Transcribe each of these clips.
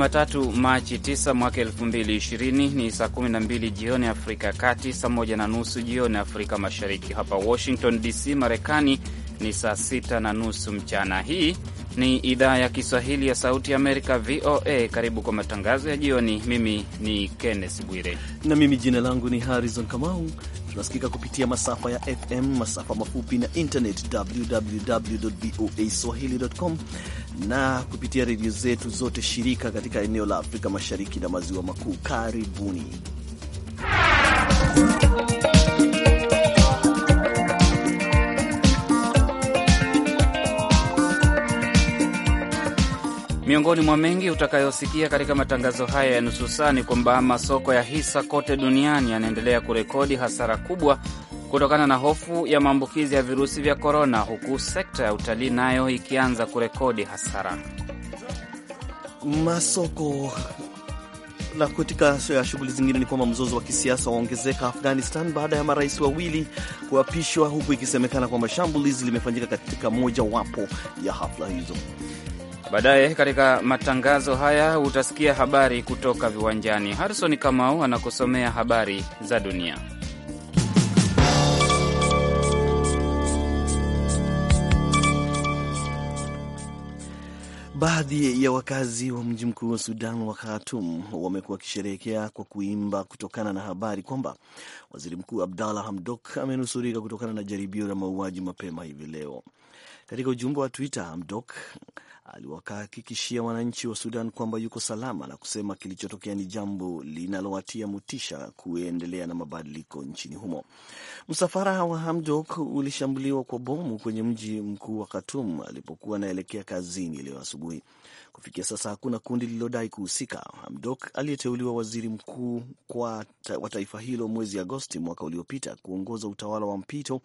Jumatatu, Machi 9 mwaka 2020 ni saa 12 jioni Afrika ya Kati, saa 1 na nusu jioni Afrika Mashariki. Hapa Washington DC, Marekani ni saa 6 na nusu mchana. Hii ni idhaa ya Kiswahili ya Sauti ya Amerika, VOA. Karibu kwa matangazo ya jioni. Mimi ni Kenneth Bwire na mimi jina langu ni Harrison Kamau, Tunasikika kupitia masafa ya FM, masafa mafupi na internet, www voa swahili.com, na kupitia redio zetu zote shirika katika eneo la Afrika Mashariki na Maziwa Makuu. Karibuni. Miongoni mwa mengi utakayosikia katika matangazo haya ya nusu saa ni kwamba masoko ya hisa kote duniani yanaendelea kurekodi hasara kubwa kutokana na hofu ya maambukizi ya virusi vya korona, huku sekta ya utalii nayo ikianza kurekodi hasara. Masoko na katika ya shughuli zingine ni kwamba mzozo wa kisiasa waongezeka Afghanistan baada ya marais wawili kuapishwa, huku ikisemekana kwamba shambulizi limefanyika katika mojawapo ya hafla hizo. Baadaye katika matangazo haya utasikia habari kutoka viwanjani. Harison Kamau anakusomea habari za dunia. Baadhi ya wakazi wa mji mkuu wa Sudan wa Khartoum wamekuwa wakisherehekea kwa kuimba kutokana na habari kwamba waziri mkuu Abdalla Hamdok amenusurika kutokana na jaribio la mauaji mapema hivi leo. Katika ujumbe wa Twitter, Hamdok aliwahakikishia wananchi wa Sudan kwamba yuko salama na kusema kilichotokea ni jambo linalowatia motisha kuendelea na mabadiliko nchini humo. Msafara wa Hamdok ulishambuliwa kwa bomu kwenye mji mkuu wa Khartoum alipokuwa anaelekea kazini leo asubuhi. Kufikia sasa hakuna kundi lililodai kuhusika. Hamdok aliyeteuliwa waziri mkuu kwa ta wa taifa hilo mwezi Agosti mwaka uliopita kuongoza utawala wa mpito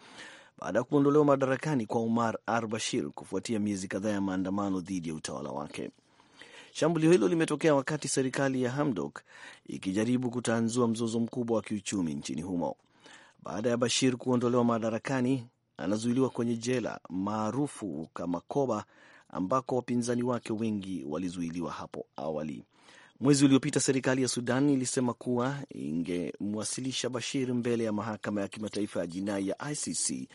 baada ya kuondolewa madarakani kwa Omar al-Bashir kufuatia miezi kadhaa ya maandamano dhidi ya utawala wake. Shambulio hilo limetokea wakati serikali ya Hamdok ikijaribu kutanzua mzozo mkubwa wa kiuchumi nchini humo. Baada ya Bashir kuondolewa madarakani, anazuiliwa kwenye jela maarufu kama Koba ambako wapinzani wake wengi walizuiliwa hapo awali. Mwezi uliopita serikali ya Sudan ilisema kuwa ingemwasilisha Bashir mbele ya mahakama ya kimataifa ya jinai ya ICC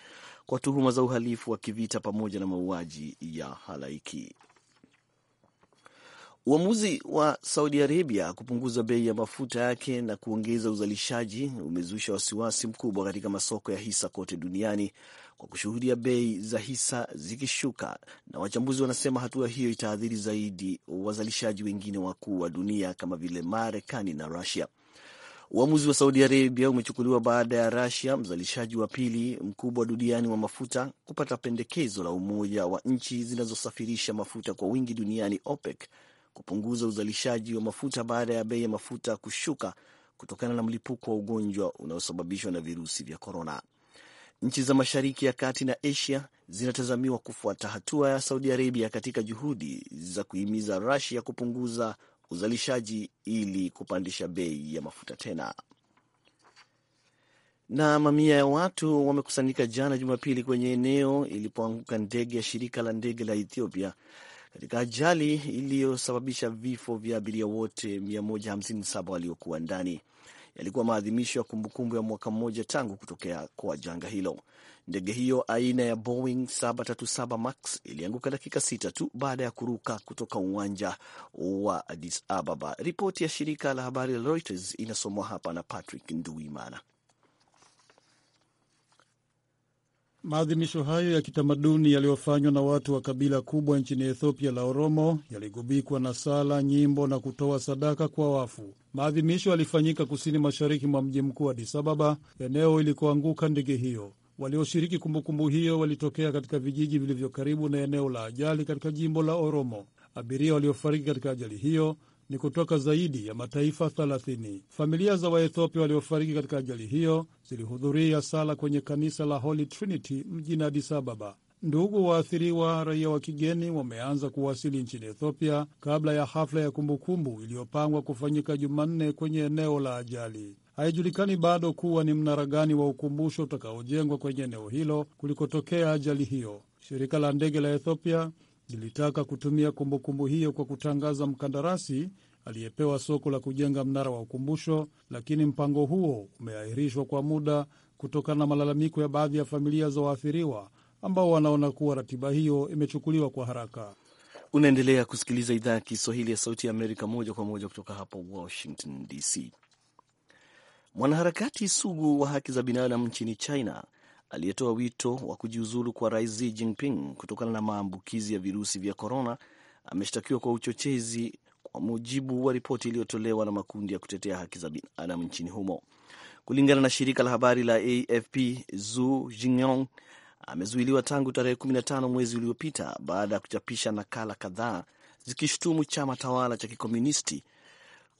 kwa tuhuma za uhalifu wa kivita pamoja na mauaji ya halaiki. Uamuzi wa Saudi Arabia kupunguza bei ya mafuta yake na kuongeza uzalishaji umezusha wasiwasi mkubwa katika masoko ya hisa kote duniani kwa kushuhudia bei za hisa zikishuka, na wachambuzi wanasema hatua hiyo itaathiri zaidi wazalishaji wengine wakuu wa dunia kama vile Marekani na Rusia. Uamuzi wa Saudi Arabia umechukuliwa baada ya Rusia, mzalishaji wa pili mkubwa duniani wa mafuta, kupata pendekezo la Umoja wa Nchi Zinazosafirisha Mafuta kwa Wingi Duniani, OPEC, kupunguza uzalishaji wa mafuta baada ya bei ya mafuta kushuka kutokana na mlipuko wa ugonjwa unaosababishwa na virusi vya korona. Nchi za Mashariki ya Kati na Asia zinatazamiwa kufuata hatua ya Saudi Arabia katika juhudi za kuhimiza rasia kupunguza uzalishaji ili kupandisha bei ya mafuta tena. Na mamia ya watu wamekusanyika jana Jumapili kwenye eneo ilipoanguka ndege ya shirika la ndege la Ethiopia katika ajali iliyosababisha vifo vya abiria wote 157 waliokuwa ndani yalikuwa maadhimisho ya kumbukumbu ya mwaka mmoja tangu kutokea kwa janga hilo. Ndege hiyo aina ya Boeing 737 Max ilianguka dakika sita tu baada ya kuruka kutoka uwanja wa Addis Ababa. Ripoti ya shirika la habari la Reuters inasomwa hapa na Patrick Nduimana. Maadhimisho hayo ya kitamaduni yaliyofanywa na watu wa kabila kubwa nchini Ethiopia la Oromo yaligubikwa na sala, nyimbo na kutoa sadaka kwa wafu. Maadhimisho yalifanyika kusini mashariki mwa mji mkuu Addis Ababa, eneo ilikoanguka ndege hiyo. Walioshiriki kumbukumbu hiyo walitokea katika vijiji vilivyo karibu na eneo la ajali katika jimbo la Oromo. Abiria waliofariki katika ajali hiyo ni kutoka zaidi ya mataifa 30. Familia za Waethiopia waliofariki katika ajali hiyo zilihudhuria sala kwenye kanisa la Holy Trinity mjini Addis Ababa. Ndugu waathiriwa, raia wa kigeni, wameanza kuwasili nchini Ethiopia kabla ya hafla ya kumbukumbu iliyopangwa kufanyika Jumanne kwenye eneo la ajali. Haijulikani bado kuwa ni mnara gani wa ukumbusho utakaojengwa kwenye eneo hilo kulikotokea ajali hiyo. Shirika la ndege la Ethiopia lilitaka kutumia kumbukumbu hiyo kwa kutangaza mkandarasi aliyepewa soko la kujenga mnara wa ukumbusho, lakini mpango huo umeahirishwa kwa muda kutokana na malalamiko ya baadhi ya familia za waathiriwa ambao wanaona kuwa ratiba hiyo imechukuliwa kwa haraka. Unaendelea kusikiliza idhaa ya Kiswahili ya Sauti ya Amerika moja kwa moja kutoka hapa Washington DC. Mwanaharakati sugu wa haki za binadamu nchini China aliyetoa wito wa kujiuzulu kwa rais Xi Jinping kutokana na maambukizi ya virusi vya korona, ameshtakiwa kwa uchochezi, kwa mujibu wa ripoti iliyotolewa na makundi ya kutetea haki za binadamu nchini humo. Kulingana na shirika la habari la AFP, Zu Jinyong amezuiliwa tangu tarehe 15 mwezi uliopita baada ya kuchapisha nakala kadhaa zikishutumu chama tawala cha kikomunisti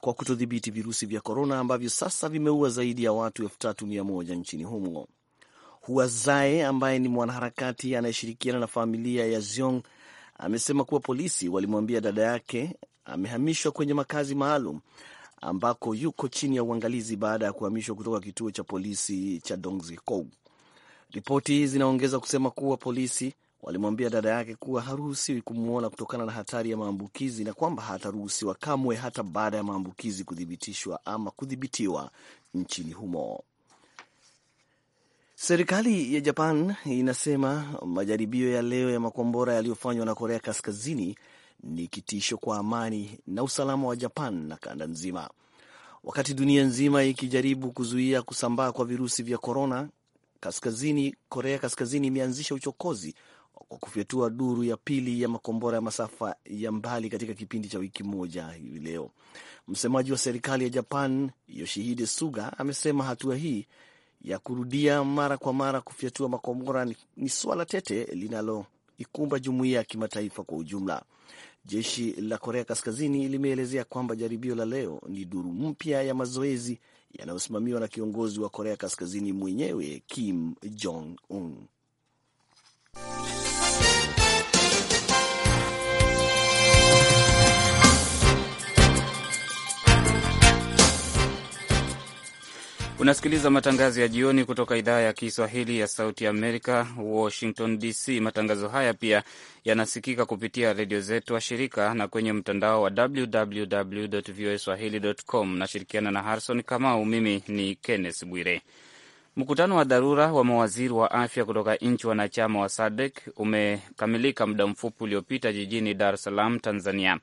kwa kutodhibiti virusi vya korona ambavyo sasa vimeua zaidi ya watu 31 nchini humo. Huazae ambaye ni mwanaharakati anayeshirikiana na familia ya Ziong amesema kuwa polisi walimwambia dada yake amehamishwa kwenye makazi maalum ambako yuko chini ya uangalizi baada ya kuhamishwa kutoka kituo cha polisi cha Dongziko. Ripoti zinaongeza kusema kuwa polisi walimwambia dada yake kuwa haruhusiwi kumwona kutokana na hatari ya maambukizi na kwamba hataruhusiwa kamwe hata baada ya maambukizi kuthibitishwa ama kudhibitiwa nchini humo. Serikali ya Japan inasema majaribio ya leo ya makombora yaliyofanywa na Korea Kaskazini ni kitisho kwa amani na usalama wa Japan na kanda nzima. Wakati dunia nzima ikijaribu kuzuia kusambaa kwa virusi vya korona, kaskazini Korea Kaskazini imeanzisha uchokozi kwa kufyatua duru ya pili ya makombora ya masafa ya mbali katika kipindi cha wiki moja hivi leo. Msemaji wa serikali ya Japan Yoshihide Suga amesema hatua hii ya kurudia mara kwa mara kufyatua makombora ni, ni swala tete linaloikumba jumuiya ya kimataifa kwa ujumla. Jeshi la Korea Kaskazini limeelezea kwamba jaribio la leo ni duru mpya ya mazoezi yanayosimamiwa na kiongozi wa Korea Kaskazini mwenyewe Kim Jong Un. Unasikiliza matangazo ya jioni kutoka idhaa ya Kiswahili ya Sauti Amerika, Washington DC. Matangazo haya pia yanasikika kupitia redio zetu wa shirika na kwenye mtandao wa www voa swahili com. Nashirikiana na Harrison Kamau. Mimi ni Kenneth Bwire. Mkutano wa dharura wa mawaziri wa afya kutoka nchi wanachama wa SADC umekamilika muda mfupi uliopita jijini Dar es Salaam, Tanzania.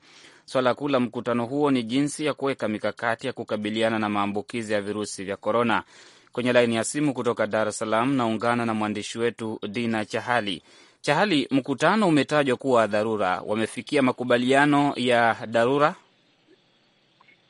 Swala kuu la mkutano huo ni jinsi ya kuweka mikakati ya kukabiliana na maambukizi ya virusi vya korona. Kwenye laini ya simu kutoka Dar es Salaam naungana na mwandishi wetu Dina Chahali. Chahali, mkutano umetajwa kuwa dharura, wamefikia makubaliano ya dharura?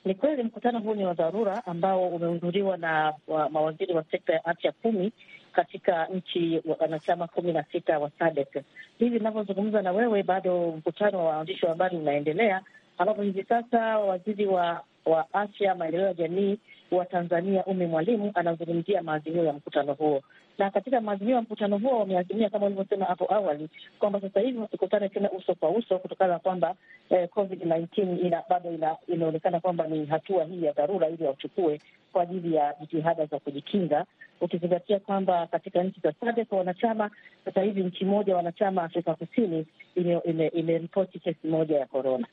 Ni kweli mkutano huu ni wa dharura ambao umehudhuriwa na wa, mawaziri wa sekta ya afya kumi katika nchi wanachama kumi na sita wa SADC. Hivi inavyozungumza na wewe, bado mkutano wa waandishi wa habari unaendelea, ambapo hivi sasa waziri wa, wa afya, maendeleo ya jamii wa Tanzania Umi Mwalimu anazungumzia maazimio ya mkutano huo, na katika maazimio ya mkutano huo wameazimia kama ulivyosema hapo awali kwamba sasa hivi wasikutane tena uso kwa uso kutokana na kwamba eh, Covid 19 ina, bado ina, inaonekana kwamba ni hatua hii ya dharura ili wachukue kwa ajili ya jitihada za kujikinga, ukizingatia kwamba katika nchi za SADC kwa wanachama sasa hivi nchi moja wanachama Afrika Kusini imeripoti kesi moja ya korona.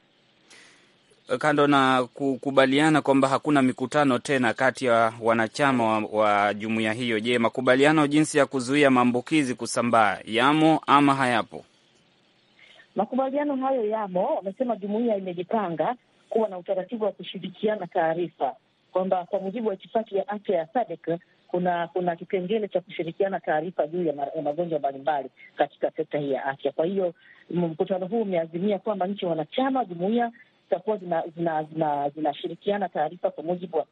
Eh, kando na kukubaliana kwamba hakuna mikutano tena kati ya wanachama wa, wa jumuiya hiyo, je, makubaliano jinsi ya kuzuia maambukizi kusambaa yamo ama hayapo? Makubaliano hayo yamo. Wamesema jumuiya imejipanga kuwa na utaratibu wa kushirikiana taarifa, kwamba kwa mujibu wa itifaki ya afya ya SADC kuna kuna kipengele cha kushirikiana taarifa juu ya magonjwa mbalimbali katika sekta hii ya afya. Kwa hiyo mkutano huu umeazimia kwamba nchi wanachama jumuiya zitakuwa zinashirikiana zina, zina, zina taarifa kwa mujibu wa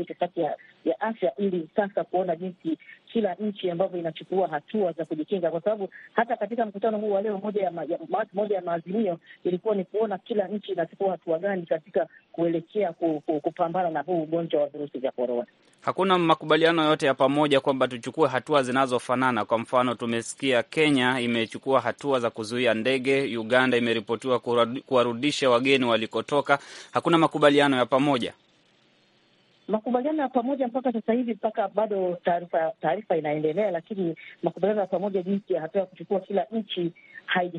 itikadi ya, ya afya, ili sasa kuona jinsi kila nchi ambavyo inachukua hatua za kujikinga, kwa sababu hata katika mkutano huu wa leo moja ya, ma, ya, moja ya maazimio ilikuwa ni kuona kila nchi inachukua hatua gani katika kuelekea ku, ku, kupambana na huu ugonjwa wa virusi vya korona. Hakuna makubaliano yote ya pamoja kwamba tuchukue hatua zinazofanana. Kwa mfano, tumesikia Kenya imechukua hatua za kuzuia ndege, Uganda imeripotiwa kuwarudisha wageni waliko ulikotoka, hakuna makubaliano ya pamoja makubaliano ya pamoja mpaka sasa hivi, mpaka bado taarifa taarifa inaendelea, lakini makubaliano ya pamoja jinsi ya hatua ya kuchukua kila nchi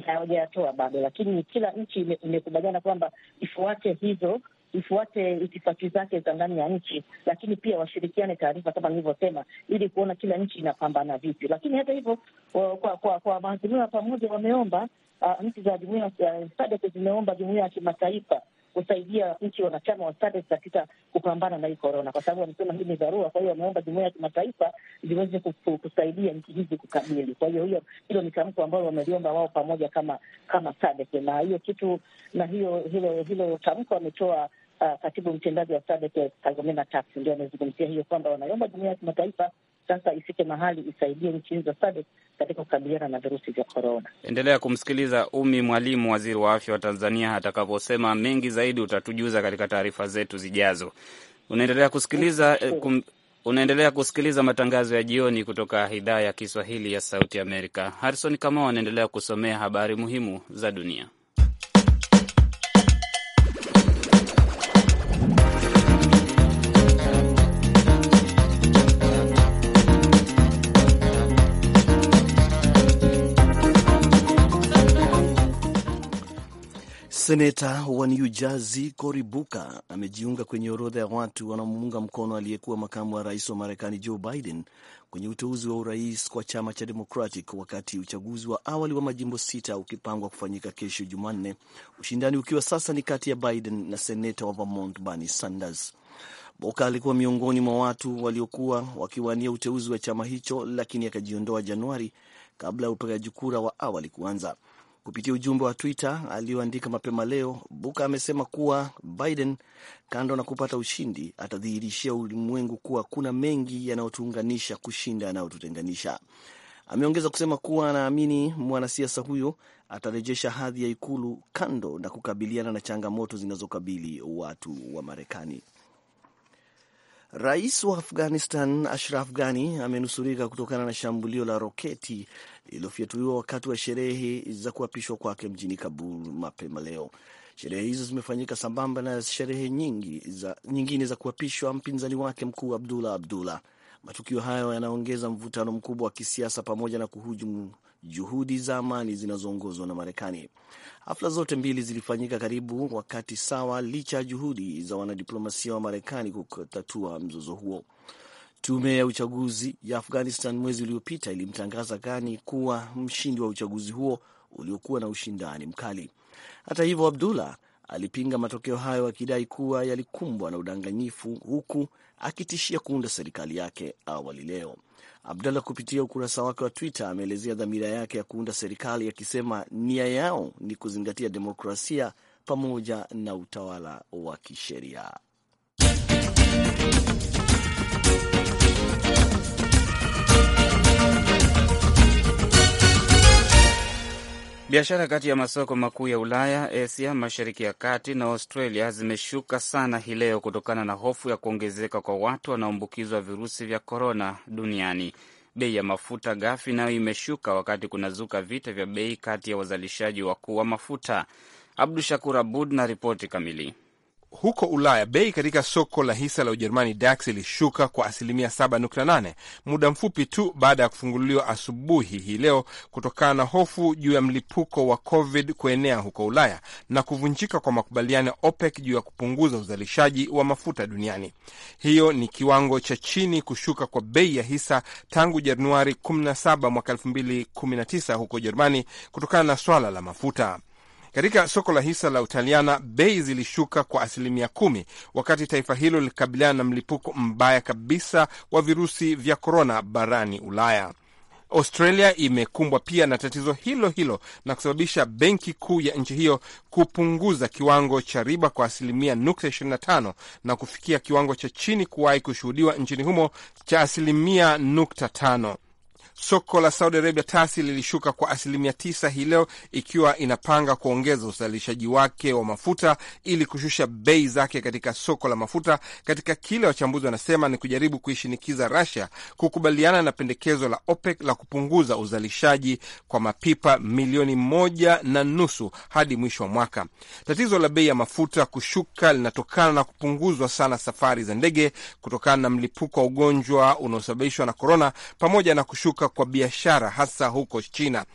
hawajayatoa bado, lakini kila nchi imekubaliana kwamba ifuate hizo ifuate itifaki zake za ndani ya nchi, lakini pia washirikiane taarifa kama nilivyosema, ili kuona kila nchi inapambana vipi. Lakini hata hivyo, kwa kwa, kwa maazimio ya pamoja wameomba uh, nchi za jumuia uh, eh, zimeomba jumuia ya kimataifa kusaidia nchi wanachama wa SADC katika kupambana na hii korona, kwa sababu wamesema hii ni dharura. Kwa hiyo wameomba jumuia ya kimataifa ziweze kusaidia nchi hizi kukabili. Kwa hiyo hiyo hilo ni tamko ambalo wameliomba wao pamoja kama kama SADC, na hiyo kitu na hiyo hilo hilo tamko wametoa uh, katibu mtendaji wa SADC Kagomena Tax ndio amezungumzia hiyo kwamba wanaomba jumuia ya kimataifa sasa ifike mahali isaidie nchi hizo SADC katika kukabiliana na virusi vya korona. Endelea kumsikiliza Umi Mwalimu, waziri wa afya wa Tanzania, atakavyosema mengi zaidi. Utatujuza katika taarifa zetu zijazo. Unaendelea kusikiliza eh, kum, unaendelea kusikiliza matangazo ya jioni kutoka idhaa ya Kiswahili ya Sauti Amerika. Harrison Kamau anaendelea kusomea habari muhimu za dunia. Seneta wa New Jersey Cory Booker amejiunga kwenye orodha ya watu wanaomuunga mkono aliyekuwa makamu wa rais wa Marekani Joe Biden kwenye uteuzi wa urais kwa chama cha Democratic wakati uchaguzi wa awali wa majimbo sita ukipangwa kufanyika kesho Jumanne, ushindani ukiwa sasa ni kati ya Biden na seneta wa Vermont Bernie Sanders. Boka alikuwa miongoni mwa watu waliokuwa wakiwania uteuzi wa chama hicho, lakini akajiondoa Januari kabla ya upigaji kura wa awali kuanza. Kupitia ujumbe wa Twitter aliyoandika mapema leo, Buka amesema kuwa Biden, kando na kupata ushindi, atadhihirishia ulimwengu kuwa kuna mengi yanayotuunganisha kushinda yanayotutenganisha. Ameongeza kusema kuwa anaamini mwanasiasa huyo atarejesha hadhi ya ikulu, kando na kukabiliana na changamoto zinazokabili watu wa Marekani. Rais wa Afghanistan Ashraf Ghani amenusurika kutokana na shambulio la roketi lililofyatuliwa wakati wa sherehe za kuapishwa kwake mjini Kabul mapema leo. Sherehe hizo zimefanyika sambamba na sherehe nyingi za, nyingine za kuapishwa mpinzani wake mkuu Abdullah Abdullah. Matukio hayo yanaongeza mvutano mkubwa wa kisiasa pamoja na kuhujumu juhudi za amani zinazoongozwa na Marekani. Hafla zote mbili zilifanyika karibu wakati sawa, licha ya juhudi za wanadiplomasia wa Marekani kutatua mzozo huo. Tume ya uchaguzi ya Afghanistan mwezi uliopita ilimtangaza Ghani kuwa mshindi wa uchaguzi huo uliokuwa na ushindani mkali. Hata hivyo, Abdullah alipinga matokeo hayo akidai kuwa yalikumbwa na udanganyifu, huku akitishia kuunda serikali yake awali leo abdallah kupitia ukurasa wake wa Twitter ameelezea dhamira yake ya kuunda serikali akisema ya nia yao ni kuzingatia demokrasia pamoja na utawala wa kisheria. Biashara kati ya masoko makuu ya Ulaya, Asia, Mashariki ya Kati na Australia zimeshuka sana hii leo kutokana na hofu ya kuongezeka kwa watu wanaoambukizwa virusi vya korona duniani. Bei ya mafuta ghafi nayo imeshuka wakati kunazuka vita vya bei kati ya wazalishaji wakuu wa mafuta. Abdu Shakur Abud na ripoti kamili. Huko Ulaya, bei katika soko la hisa la Ujerumani DAX ilishuka kwa asilimia 7.8 muda mfupi tu baada ya kufunguliwa asubuhi hii leo kutokana na hofu juu ya mlipuko wa COVID kuenea huko Ulaya na kuvunjika kwa makubaliano ya OPEC juu ya kupunguza uzalishaji wa mafuta duniani. Hiyo ni kiwango cha chini kushuka kwa bei ya hisa tangu Januari 17 mwaka 2019 huko Ujerumani kutokana na swala la mafuta. Katika soko la hisa la Utaliana, bei zilishuka kwa asilimia kumi wakati taifa hilo lilikabiliana na mlipuko mbaya kabisa wa virusi vya korona barani Ulaya. Australia imekumbwa pia na tatizo hilo hilo na kusababisha benki kuu ya nchi hiyo kupunguza kiwango cha riba kwa asilimia nukta 25 na kufikia kiwango cha chini kuwahi kushuhudiwa nchini humo cha asilimia nukta tano. Soko la Saudi Arabia tasi lilishuka kwa asilimia tisa hii leo, ikiwa inapanga kuongeza uzalishaji wake wa mafuta ili kushusha bei zake katika soko la mafuta, katika kile wachambuzi wanasema ni kujaribu kuishinikiza Russia kukubaliana na pendekezo la OPEC la kupunguza uzalishaji kwa mapipa milioni moja na nusu hadi mwisho wa mwaka. Tatizo la bei ya mafuta kushuka linatokana na kupunguzwa sana safari za ndege kutokana na mlipuko wa ugonjwa unaosababishwa na korona pamoja na kushuka kwa biashara hasa huko China.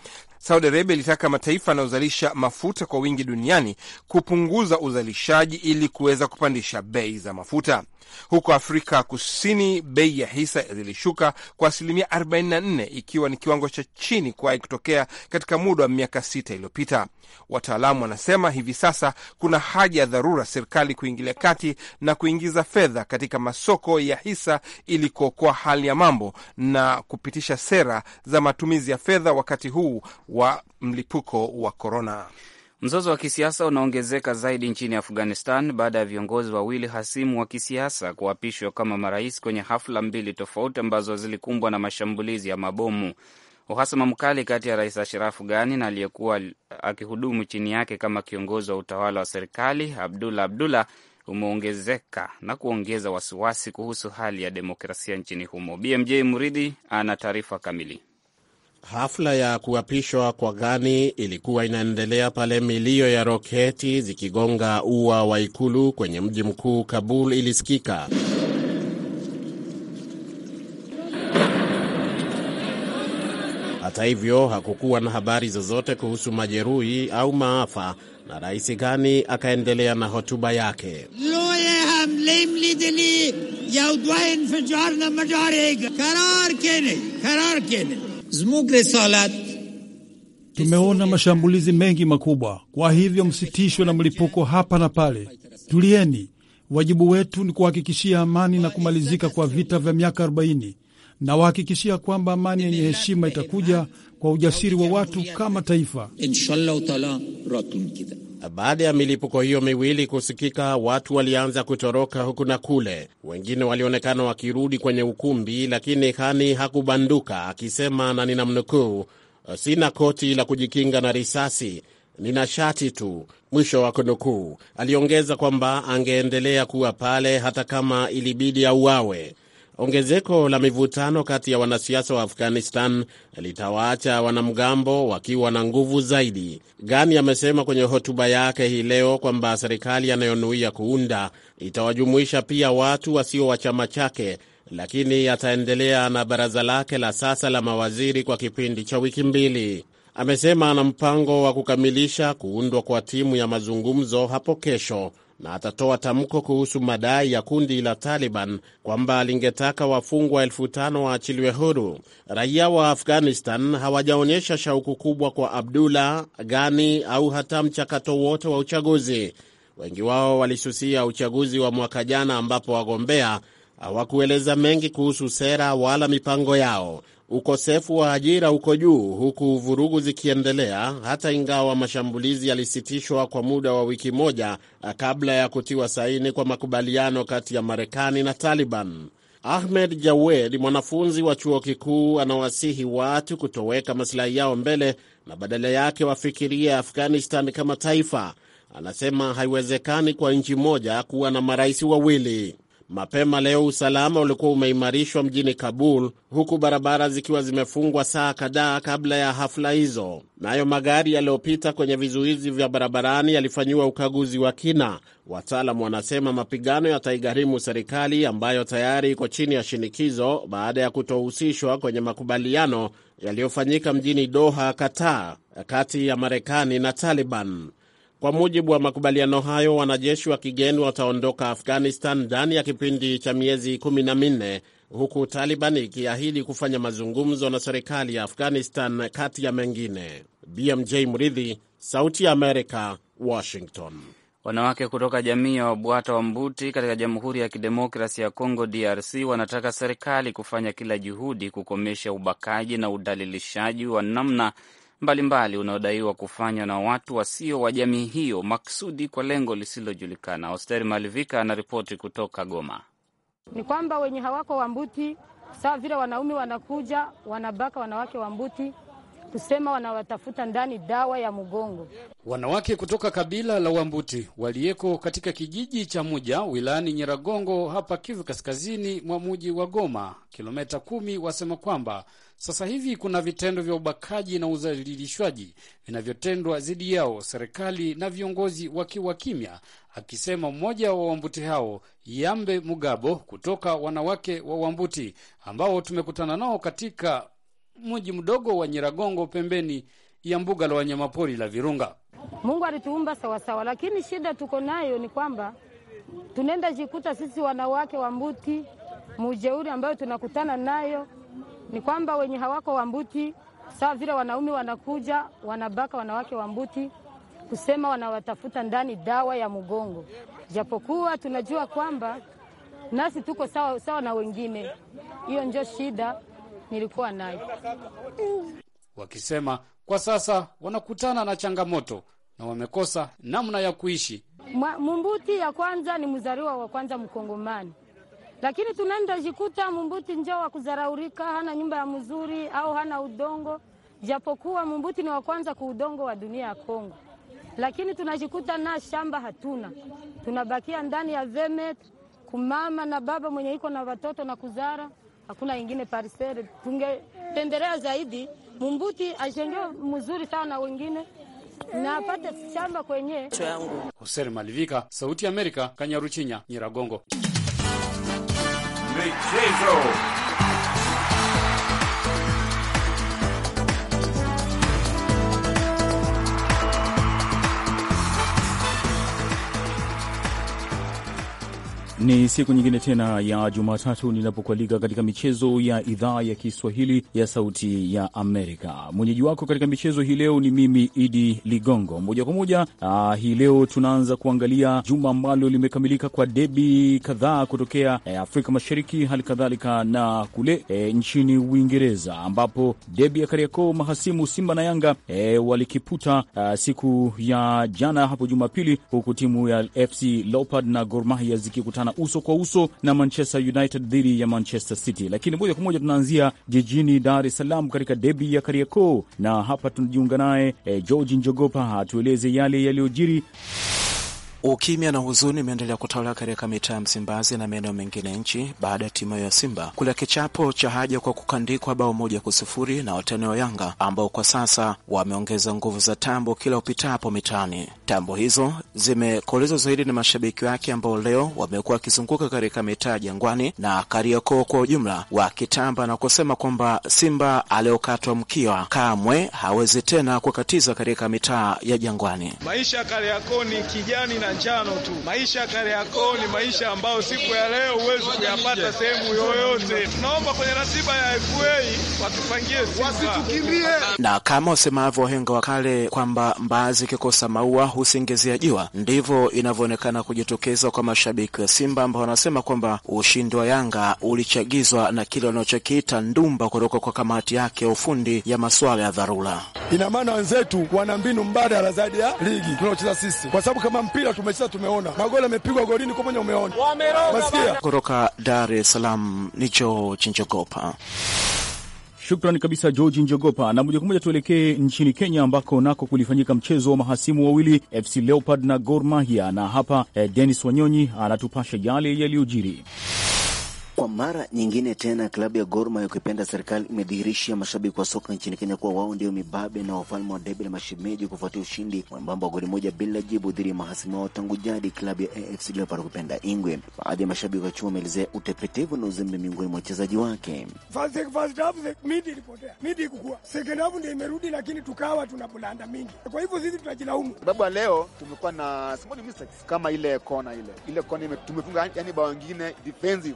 Saudi Arabia ilitaka mataifa yanayozalisha mafuta kwa wingi duniani kupunguza uzalishaji ili kuweza kupandisha bei za mafuta. Huko Afrika Kusini, bei ya hisa zilishuka kwa asilimia 44 ikiwa ni kiwango cha chini kuwahi kutokea katika muda wa miaka sita iliyopita. Wataalamu wanasema hivi sasa kuna haja ya dharura serikali kuingilia kati na kuingiza fedha katika masoko ya hisa ili kuokoa hali ya mambo na kupitisha sera za matumizi ya fedha wakati huu wa mlipuko wa korona. Mzozo wa kisiasa unaongezeka zaidi nchini Afghanistan baada ya viongozi wawili hasimu wa kisiasa kuapishwa kama marais kwenye hafla mbili tofauti ambazo zilikumbwa na mashambulizi ya mabomu. Uhasama mkali kati ya Rais Ashraf Ghani na aliyekuwa akihudumu chini yake kama kiongozi wa utawala wa serikali Abdullah Abdullah umeongezeka na kuongeza wasiwasi kuhusu hali ya demokrasia nchini humo. BMJ Muridhi ana taarifa kamili. Hafla ya kuapishwa kwa Ghani ilikuwa inaendelea pale milio ya roketi zikigonga ua wa ikulu kwenye mji mkuu Kabul ilisikika. Hata hivyo, hakukuwa na habari zozote kuhusu majeruhi au maafa, na Rais Ghani akaendelea na hotuba yake. Tumeona mashambulizi mengi makubwa, kwa hivyo msitishwe na mlipuko hapa na pale. Tulieni. Wajibu wetu ni kuhakikishia amani na kumalizika kwa vita vya miaka 40 na wahakikishia kwamba amani yenye heshima itakuja kwa ujasiri wa watu kama taifa. Baada ya milipuko hiyo miwili kusikika, watu walianza kutoroka huku na kule. Wengine walionekana wakirudi kwenye ukumbi, lakini hani hakubanduka akisema, na ninamnukuu, sina koti la kujikinga na risasi, nina shati tu, mwisho wa kunukuu. Aliongeza kwamba angeendelea kuwa pale hata kama ilibidi auawe. Ongezeko la mivutano kati ya wanasiasa wa Afghanistan litawaacha wanamgambo wakiwa na nguvu zaidi. Gani amesema kwenye hotuba yake hii leo kwamba serikali anayonuia kuunda itawajumuisha pia watu wasio wa chama chake, lakini ataendelea na baraza lake la sasa la mawaziri kwa kipindi cha wiki mbili. Amesema ana mpango wa kukamilisha kuundwa kwa timu ya mazungumzo hapo kesho na atatoa tamko kuhusu madai ya kundi la Taliban kwamba lingetaka wafungwa elfu tano waachiliwe huru. Raia wa Afghanistan hawajaonyesha shauku kubwa kwa Abdullah Gani au hata mchakato wote wa uchaguzi. Wengi wao walisusia uchaguzi wa mwaka jana ambapo wagombea hawakueleza mengi kuhusu sera wala mipango yao. Ukosefu wa ajira uko juu, huku vurugu zikiendelea hata ingawa mashambulizi yalisitishwa kwa muda wa wiki moja eh, kabla ya kutiwa saini kwa makubaliano kati ya Marekani na Taliban. Ahmed Jawed, mwanafunzi wa chuo kikuu, anawasihi watu kutoweka masilahi yao mbele na badala yake wafikirie Afghanistan kama taifa. Anasema haiwezekani kwa nchi moja kuwa na marais wawili. Mapema leo usalama ulikuwa umeimarishwa mjini Kabul, huku barabara zikiwa zimefungwa saa kadhaa kabla ya hafla hizo. Nayo magari yaliyopita kwenye vizuizi vya barabarani yalifanyiwa ukaguzi wa kina. Wataalamu wanasema mapigano yataigharimu serikali ambayo tayari iko chini ya shinikizo baada ya kutohusishwa kwenye makubaliano yaliyofanyika mjini Doha, Qatar, kati ya Marekani na Taliban. Kwa mujibu wa makubaliano hayo, wanajeshi wa kigeni wataondoka Afghanistan ndani ya kipindi cha miezi kumi na minne huku Taliban ikiahidi kufanya mazungumzo na serikali ya Afghanistan kati ya mengine. BMJ Mridhi, Sauti ya Amerika, Washington. Wanawake kutoka jamii ya Wabwata wa Mbuti katika Jamhuri ya Kidemokrasi ya Kongo, DRC, wanataka serikali kufanya kila juhudi kukomesha ubakaji na udhalilishaji wa namna mbalimbali unaodaiwa kufanywa na watu wasio wa jamii hiyo maksudi kwa lengo lisilojulikana. Osteri Malivika anaripoti kutoka Goma. Ni kwamba wenye hawako Wambuti sawa vile wanaume wanakuja wanabaka wanawake Wambuti kusema wanawatafuta ndani dawa ya mgongo. Wanawake kutoka kabila la Wambuti waliyeko katika kijiji cha Muja wilayani Nyiragongo hapa Kivu kaskazini mwa muji wa Goma, kilometa kumi, wasema kwamba sasa hivi kuna vitendo vya ubakaji na udhalilishwaji vinavyotendwa dhidi yao, serikali na viongozi wakiwa kimya, akisema mmoja wa Wambuti hao Yambe Mugabo kutoka wanawake wa Wambuti ambao tumekutana nao katika mji mdogo wa Nyiragongo pembeni ya mbuga la wanyamapori la Virunga. Mungu alituumba sawasawa, lakini shida tuko nayo ni kwamba tunaenda jikuta sisi wanawake wa mbuti, mujeuri ambayo tunakutana nayo ni kwamba wenye hawako wa mbuti, sawa vile wanaume wanakuja wanabaka wanawake wa mbuti, kusema wanawatafuta ndani dawa ya mgongo, japokuwa tunajua kwamba nasi tuko sawa sawa na wengine. Hiyo ndio shida nilikuwa nayo, wakisema kwa sasa wanakutana na changamoto na wamekosa namna ya kuishi. Mumbuti ya kwanza ni mzaliwa wa kwanza Mkongomani, lakini tunaenda jikuta mumbuti njo wa kuzaraurika, hana nyumba ya mzuri au hana udongo, japokuwa mumbuti ni wa kwanza ku udongo wa dunia ya Kongo, lakini tunajikuta na shamba hatuna, tunabakia ndani ya vemet kumama na baba mwenye iko na watoto na kuzara hakuna ingine parcel. Tungependelea zaidi Mumbuti ajengewe mzuri sana, wengine na apate shamba kwenye yangu. Hoser Malivika, Sauti ya Amerika, Kanyaruchinya, Nyiragongo. Michezo. Ni siku nyingine tena ya Jumatatu ninapokualika katika michezo ya idhaa ya Kiswahili ya Sauti ya Amerika. Mwenyeji wako katika michezo hii leo ni mimi Idi Ligongo. Moja kwa moja ah, hii leo tunaanza kuangalia juma ambalo limekamilika kwa debi kadhaa kutokea e, Afrika Mashariki, hali kadhalika na kule e, nchini Uingereza, ambapo debi ya Kariakoo mahasimu Simba na Yanga e, walikiputa a, ah, siku ya jana hapo Jumapili, huku timu ya FC Leopards na Gor Mahia zikikutana uso kwa uso na Manchester United dhidi ya Manchester City. Lakini moja kwa moja tunaanzia jijini Dar es Salaam katika debi ya Kariakoo, na hapa tunajiunga naye eh, George Njogopa atueleze yale yaliyojiri. Ukimya na huzuni imeendelea kutawala katika mitaa ya Msimbazi na maeneo mengine nchi baada ya timu ya Simba kula kichapo cha haja kwa kukandikwa bao moja kwa sufuri na watani wa Yanga ambao kwa sasa wameongeza nguvu za tambo kila upitapo mitaani. Tambo hizo zimekolezwa zaidi na mashabiki wake ambao leo wamekuwa wakizunguka katika mitaa Jangwani na Kariakoo kwa ujumla, wakitamba na kusema kwamba Simba aliyokatwa mkia kamwe hawezi tena kukatiza katika mitaa ya Jangwani. Maisha Kariakoo ni kijani na njano tu. Maisha Kariakoo ni maisha ambayo siku ya leo huwezi kuyapata sehemu yoyote. Tunaomba kwenye ratiba ya FA watupangie wasitukimbie. Na kama wasemavyo wahenga wa kale kwamba mbaazi ikikosa maua husingizia jua, ndivyo inavyoonekana kujitokeza kwa mashabiki wa Simba ambao wanasema kwamba ushindi wa Yanga ulichagizwa na kile wanachokiita ndumba kutoka kwa kamati yake ya ufundi ya masuala ya dharura. Ina maana wenzetu wana mbinu mbadala zaidi ya ligi tunaocheza sisi, kwa sababu kama mpira tumesha tumeona magoli yamepigwa golini kwa mwenye umeona nasikia kutoka Dar es Salaam ni George Njogopa. Shukrani kabisa George Njogopa. Na moja kwa moja tuelekee nchini Kenya, ambako nako kulifanyika mchezo wa mahasimu wawili FC Leopard na Gor Mahia, na hapa eh, Dennis Wanyonyi anatupasha yale yaliyojiri. Kwa mara nyingine tena klabu ya Gor Mahia ukipenda serikali imedhihirisha mashabiki wa soka nchini Kenya kuwa wao ndio mibabe na wafalme wa debe la mashemeji kufuatia ushindi mwembamba wa goli moja bila jibu dhidi ya mahasimu wao tangu jadi klabu ya AFC Leopards kupenda Ingwe. Baadhi ya mashabiki wa chuma wameelezea utepetevu na uzembe miongoni mwa wachezaji wake. First half midi ilipotea, midi ikukua, second half ndio imerudi, lakini tukawa tuna mingi, kwa hivyo sisi tunajilaumu sababu leo tumekuwa na small mistakes kama ile kona ile ile kona tumefunga, yani bao ingine defensive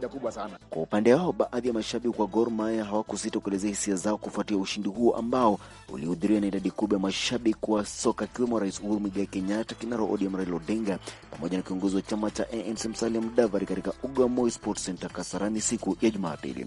shida kubwa sana. Kwa upande wao, baadhi ya mashabiki wa Gor Mahia hawakusita kuelezea hisia zao kufuatia ushindi huo ambao ulihudhuriwa na idadi kubwa ya mashabiki wa soka akiwemo Rais Uhuru Muigai Kenyatta, kinara ODM Raila Odinga pamoja na kiongozi wa chama cha ANC Musalia Mudavadi katika uga wa Moi Sports Center Kasarani siku ya Jumapili.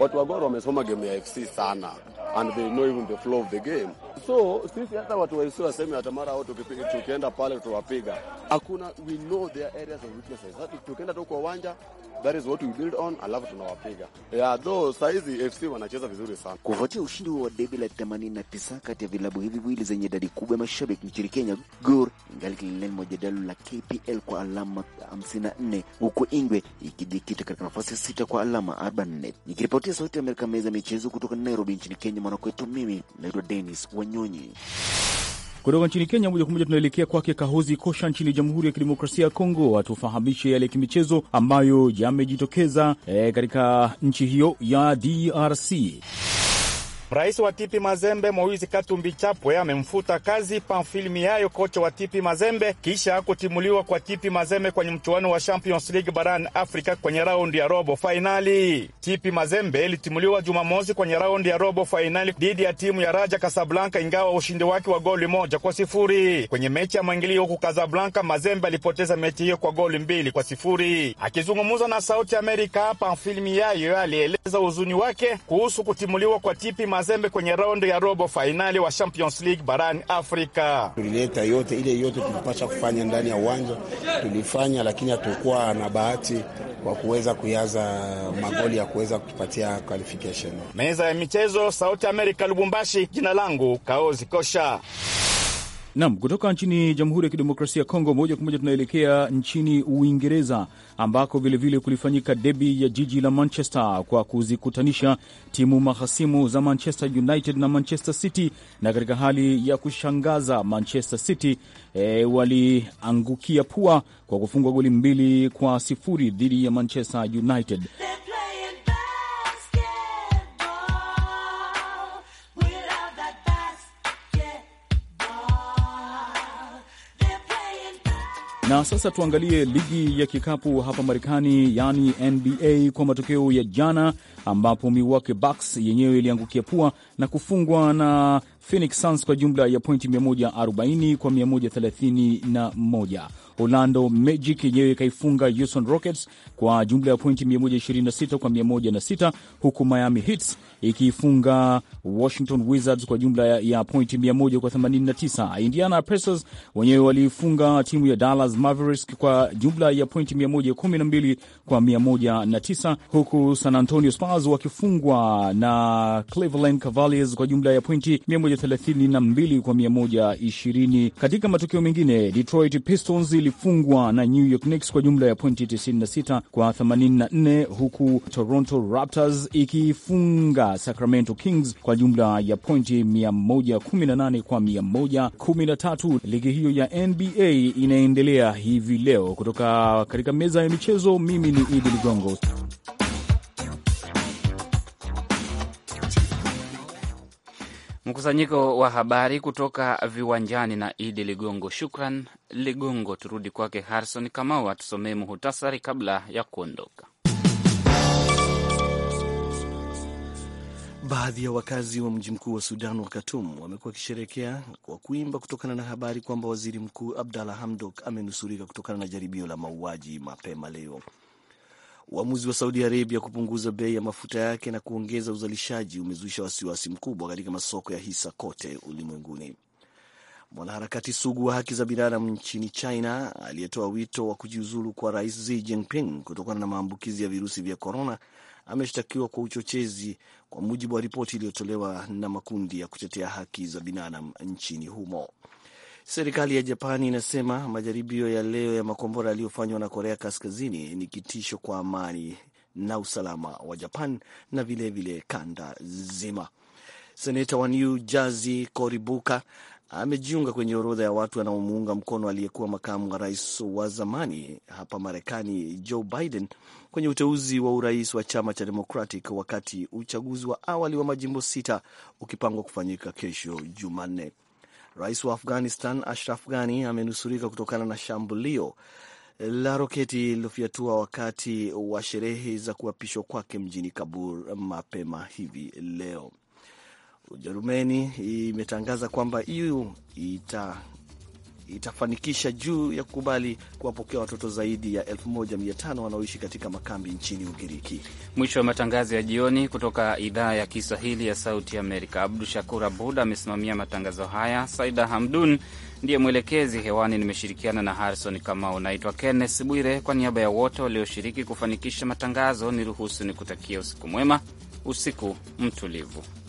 Watu wa Gor wamesoma game ya FC sana and they know even the flow of the game. So sisi hata watu waisi waseme hata mara au tukienda pale tutawapiga, hakuna. We know their areas of weaknesses. Hata tukienda tu kwa uwanja, that is what we build on, alafu tunawapiga. Yeah, though saizi FC wanacheza vizuri sana. Kufuatia ushindi wa debi la 89 kati ya vilabu hivi viwili zenye idadi kubwa ya mashabiki nchini Kenya, Gor ingali kileleni mwa jedwali la KPL kwa alama 54 huku Ingwe ikijikita katika nafasi ya sita kwa alama 44. Nikiripotia Sauti ya Amerika, meza michezo kutoka Nairobi nchini Kenya. Kenya mwanakwetu. Mimi naitwa Denis Wanyonyi. Kutoka nchini Kenya moja kwa moja tunaelekea kwake Kahozi Kosha nchini Jamhuri ya Kidemokrasia ya Kongo, atufahamishe yale ya kimichezo ambayo yamejitokeza e, katika nchi hiyo ya DRC. Rais wa Tipi Mazembe Moizi Katumbi Chapwe amemfuta kazi Pamphile Miayo, kocha wa Tipi Mazembe kisha kutimuliwa kwa Tipi Mazembe kwenye mchuano wa Champions League barani Afrika kwenye raundi ya robo fainali. Tipi Mazembe ilitimuliwa Jumamosi kwenye raundi ya robo fainali dhidi ya timu ya Raja Kasablanka, ingawa ushindi wake wa goli moja kwa sifuri kwenye mechi ya mwingilio huku Kasablanka, Mazembe alipoteza mechi hiyo kwa goli mbili kwa sifuri. Akizungumza na Sauti Amerika, Pamphile Miayo alieleza huzuni wake kuhusu kutimuliwa kwa Tipi Mazembe Mazembe kwenye raundi ya robo fainali wa Champions League barani Afrika. Tulileta yote ile yote tulipasha kufanya ndani ya uwanja tulifanya, lakini hatukuwa na bahati kwa kuweza kuyaza magoli ya kuweza kutupatia qualification. Meza ya michezo, Sauti Amerika, Lubumbashi. Jina langu Kaozi Kosha. Nam, kutoka nchini Jamhuri ya Kidemokrasia ya Kongo moja kwa moja tunaelekea nchini Uingereza ambako vilevile kulifanyika debi ya jiji la Manchester kwa kuzikutanisha timu mahasimu za Manchester United na Manchester City, na katika hali ya kushangaza Manchester City e, waliangukia pua kwa kufungwa goli mbili kwa sifuri dhidi ya Manchester United. Na sasa tuangalie ligi ya kikapu hapa Marekani, yaani NBA, kwa matokeo ya jana, ambapo Milwaukee Bucks yenyewe iliangukia pua na kufungwa na Phoenix Suns kwa jumla ya pointi 140 kwa 131. Orlando Magic yenyewe ikaifunga Houston Rockets kwa jumla ya pointi 126 kwa 106, huku Miami Heat ikiifunga Washington Wizards kwa jumla ya pointi 100 kwa 89. Indiana Pacers wenyewe waliifunga timu ya Dallas Mavericks kwa jumla ya pointi 112 kwa 109, huku San Antonio Spurs wakifungwa na Cleveland Cavaliers kwa jumla ya pointi 132 kwa 120. Katika matokeo mengine, Detroit Pistons ilifungwa na New York Knicks kwa jumla ya pointi 96 kwa 84, huku Toronto Raptors ikifunga Sacramento Kings kwa jumla ya pointi 118 kwa 113. Ligi hiyo ya NBA inaendelea hivi leo. Kutoka katika meza ya michezo, mimi ni Idi Ligongo. mkusanyiko wa habari kutoka viwanjani na Idi Ligongo. Shukran Ligongo. Turudi kwake Harison Kamau atusomee muhutasari kabla ya kuondoka. Baadhi ya wakazi wa mji mkuu wa Sudan wa Khartoum wamekuwa wakisherekea kwa kuimba kutokana na habari kwamba waziri mkuu Abdalla Hamdok amenusurika kutokana na jaribio la mauaji mapema leo. Uamuzi wa Saudi Arabia kupunguza bei ya mafuta yake na kuongeza uzalishaji umezuisha wasiwasi mkubwa katika masoko ya hisa kote ulimwenguni. Mwanaharakati sugu wa haki za binadamu nchini China aliyetoa wito wa kujiuzulu kwa rais Xi Jinping kutokana na maambukizi ya virusi vya korona ameshtakiwa kwa uchochezi, kwa mujibu wa ripoti iliyotolewa na makundi ya kutetea haki za binadamu nchini humo. Serikali ya Japani inasema majaribio ya leo ya makombora yaliyofanywa na Korea Kaskazini ni kitisho kwa amani na usalama wa Japan na vilevile vile kanda zima. Seneta wa New Jersey Cory Booker amejiunga kwenye orodha ya watu wanaomuunga mkono aliyekuwa makamu wa rais wa zamani hapa Marekani Joe Biden kwenye uteuzi wa urais wa chama cha Democratic wakati uchaguzi wa awali wa majimbo sita ukipangwa kufanyika kesho Jumanne. Rais wa Afghanistan Ashraf Ghani amenusurika kutokana na shambulio la roketi lilofyatua wakati wa sherehe za kuapishwa kwake mjini Kabul mapema hivi leo. Ujerumani imetangaza kwamba EU ita itafanikisha juu ya kukubali kuwapokea watoto zaidi ya 1500 wanaoishi katika makambi nchini Ugiriki. Mwisho wa matangazo ya jioni kutoka idhaa ya Kiswahili ya Sauti Amerika. Abdu Shakur Abud amesimamia matangazo haya, Saida Hamdun ndiye mwelekezi hewani. Nimeshirikiana na Harrison Kamau. Naitwa Kenneth Bwire. Kwa niaba ya wote walioshiriki kufanikisha matangazo, niruhusu nikutakia usiku mwema, usiku mtulivu.